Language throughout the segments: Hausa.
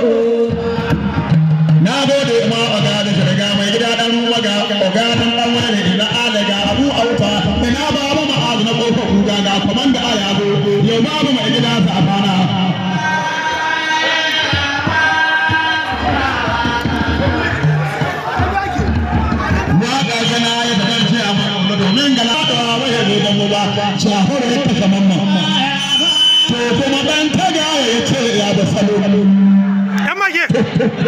করবো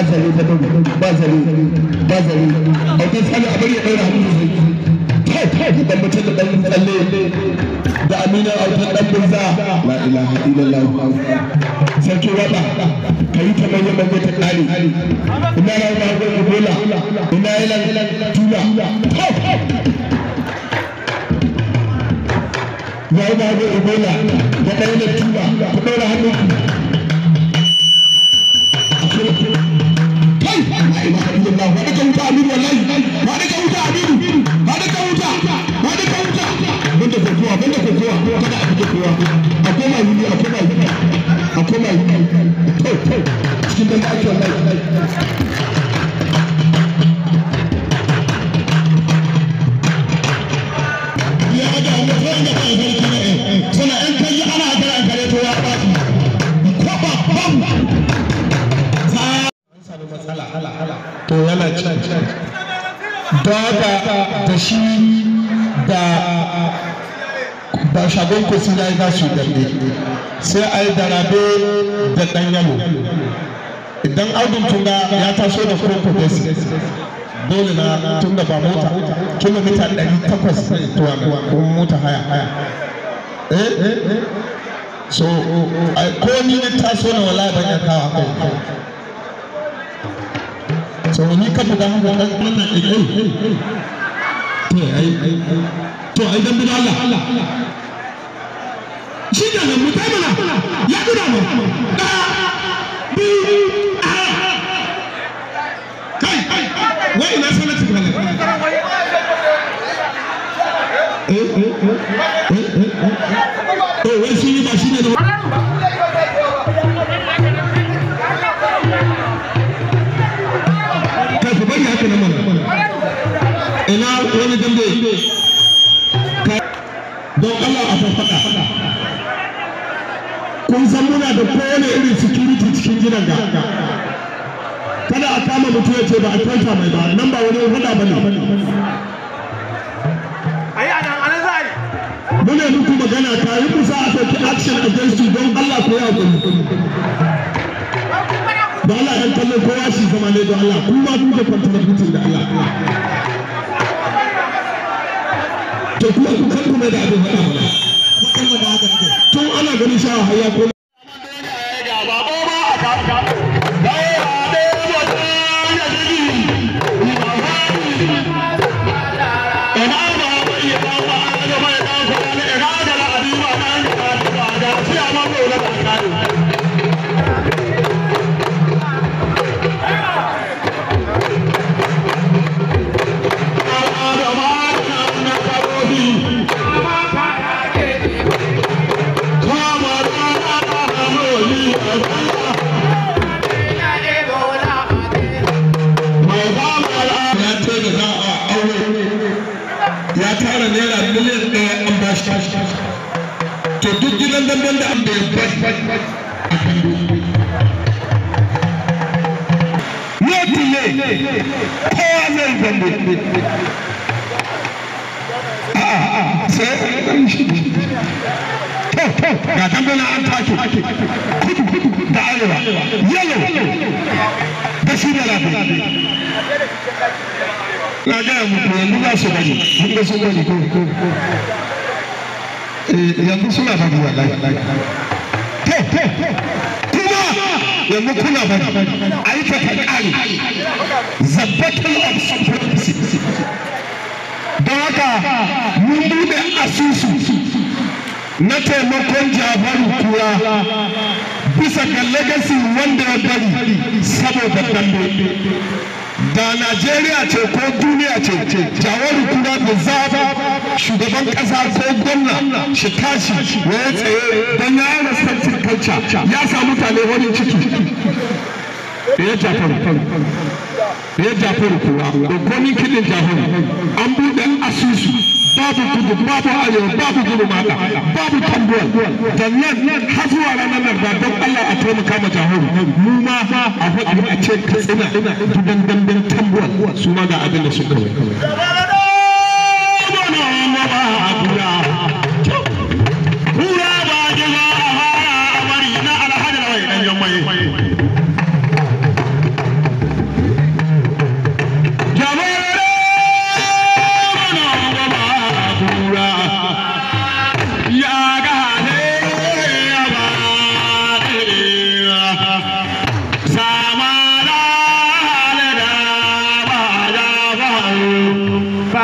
ba zare ta dau ba sani a bari ya daura hannu sai kai kai da dan tsalle da amina autan dan bunza la ilaha illallah sarki wada kayi ta manya ta kare ina rawa ba ga bola ina yalan tula ya yi ba ga bola da ɗaya da tuba ku ɗaura hannunku people were less uku su yayi za su dambe sai a yi darabe da ɗan yalo idan audun tunga ya taso da koko besi dole na tun da ba mota kilomita ɗari takwas to mota haya haya eh? so ko ni ne taso na wala ban ya kawo kai so ni ka buga haka kan wannan ɗin eh, eh, to ai to ai dan bi Allah shi kenan mu ya guda mu ɗaya biyu irin security cikin gidan ga kada a kama mutum ya ce ba a kyauta mai ba nan ba wani hulɗa ba ne muna muku magana ta yi kusa a sauki action against you don Allah ku yi hakuri Ba Allah ɗan kallo kowa shi zama ne don Allah kuma ku da kwantar mutum da Allah to kuma ku kan kuma da abin faɗa mana tun ana ganin sha'awa har ya Thank you. ne zai a an take kudu kudu da arewa yalo da shi da lafi na gaya muku yanzu za su mun ga sun yanzu suna wallahi to to yanzu kuna bari aika ta the battle of supremacy don haka mun bude asusu na taimakon jabaru kura bisa ga legacy wanda ya bari saboda dambe da Najeriya ce ko duniya ce jawaru kuma da zaba shugaban kasa ko gwamna shi tashi ya tsaye don ya yi respectin culture ya sa mutane wani ciki ya jafaru ya jafaru kuma da gwamnin kiɗin jafaru an buɗe asusu babu kudu babu ayo babu gudu mata babu tambuwar da nan har zuwa ranar nan ba don Allah a taimaka ma jahuru mu ma a hudu a ce katsina gidan damben tambuwar su ma ga abin da suka yi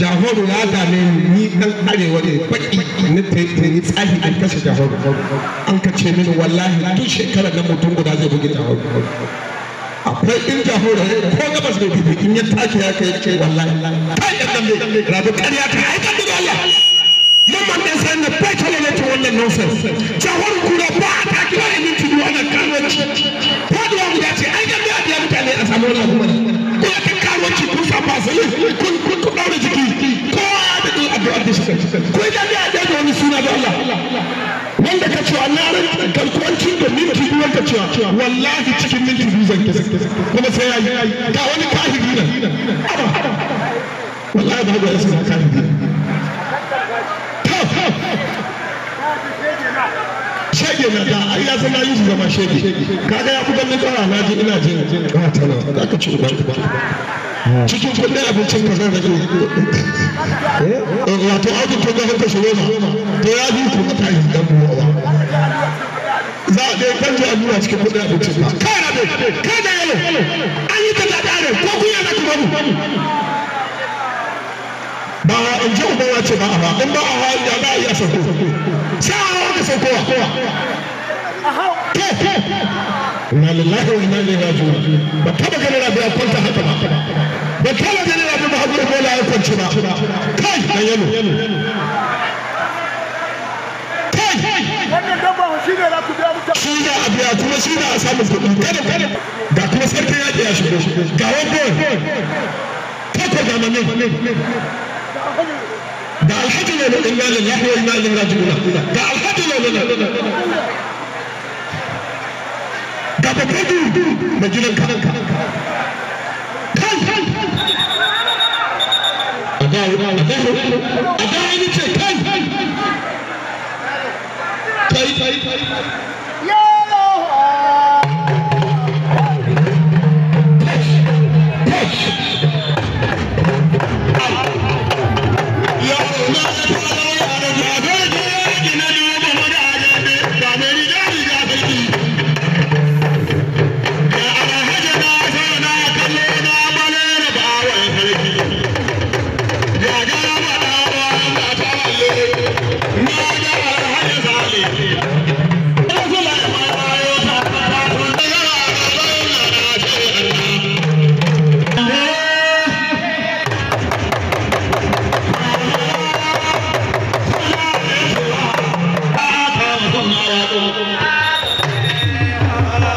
jahoru ya ne ni dan arewa ne baki na tayi tsahi an kashe jahoru an kace mini wallahi duk shekarar na mutum guda zai buge jahoru akwai in jahoru ko gabas ne bibi in ya take ya kai ce wallahi kai da dambe rabu kariya ta aikar da Allah mamman da sai na fake ne ta wannan nonsense jahoru kura ba a ta kira ne tudu ana kalmanci ko da wani ya ce ai dambe a biya mutane a samu wannan hukumar musulunci kun sa fasali a ɗaya suna da Allah ka cewa na ran garkuwancin da minti biyu ka cewa yake na da ya san yayin zama shege kaga ya kudan tsara ina jin ka tana za ka ci uban cikin kudin abincin ka zan rage eh, wato aikin tun gaban kashe to ya bi ku mata yi dan za a ɗaya kwanci a nuna cikin kudin abincin ka kai rabe kai da yalo an yi ta da dare ko kun yana kuma mu ba in ji ubawa ce ba a ba in ba a ya ba a iya sauko sai a hawa ka na lillahi wa inna ilaihi raji'un ba taba ganin rabi ya kwanta haka ba ba taba ganin rabi ba hagu bola ya kwanci ba kai dan yalo kai wannan dabba shi ne ku biya mutum a biya kuma shi ne a samu kuɗi kada kada ga kuma sarki ya biya shi ga wani kakwa ga mamin da alhaji ne na inna lillahi wa inna ilaihi raji'un da alhaji ne na daga kudu mai gidan kanan kanan kanan a da a da ce kai kai kai kai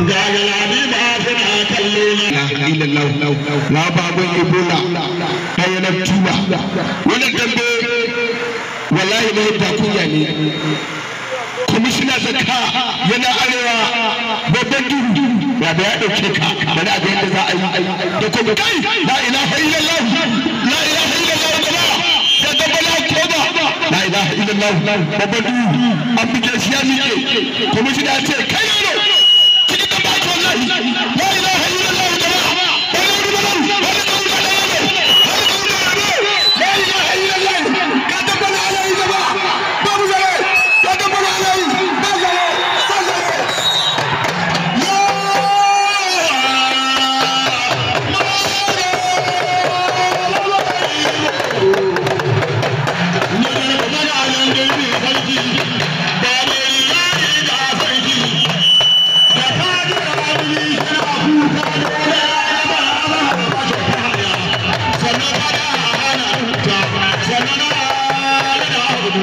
ga galadi ba suna na illallah na babun ebola ɗaya na tuba wannan dambe wallahi na yadda kunya ne kwamishina zakka yana arewa babban duhu ba da ya ɗauke ka bari a ga yadda za a yi da kuma kai la ilaha illallah la ilaha illallah kuma da dabbala ko ba la ilaha illallah babban duhu an buge shi ya miƙe kwamishina ce kai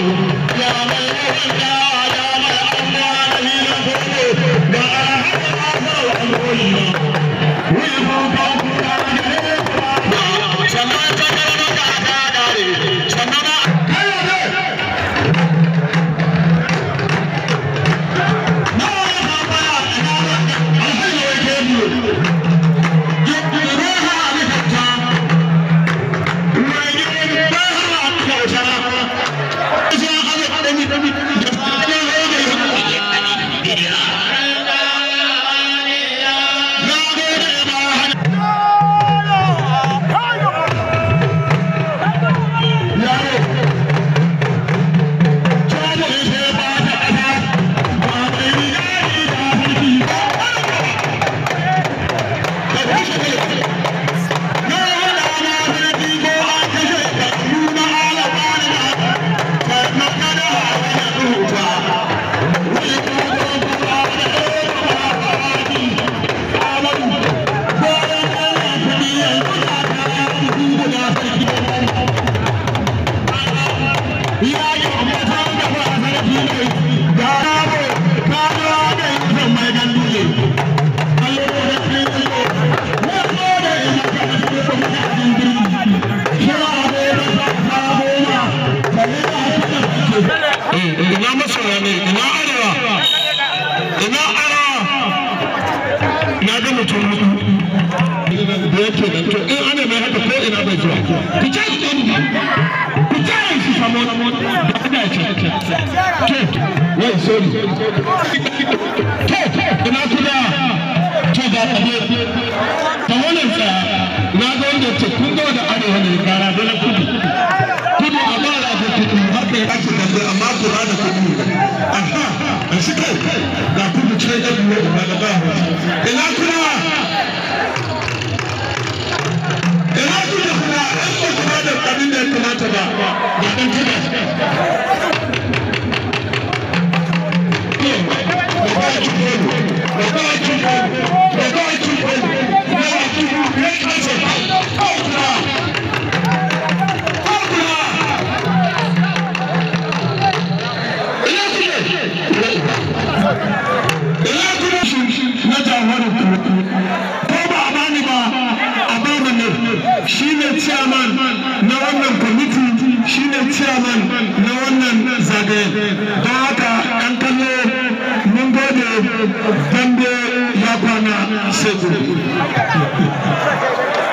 you. wai sorry to ina kuma to ga kabe ta wannan sa na ga wanda ce kun da arewa ne gara da a ba da kudu har kai a shi kai ga ce ba kuma da abin da ya kamata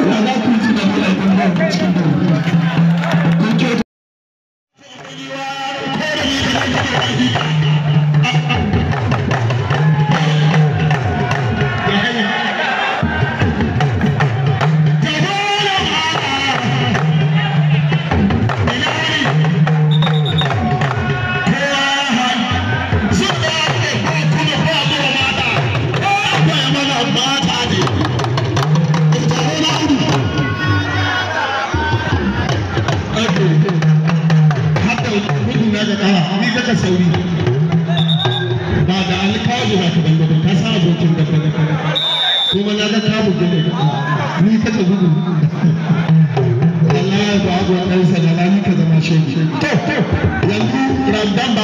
da za ku ci gaba da cikin kawa ni daga sauri ba da alkazu za ka banga ka sa abokin da ka daga kuma na ga kamu da ni kaka gudu Allah ya ba abu ɗansa da rani ka zama shi to yanzu ramdan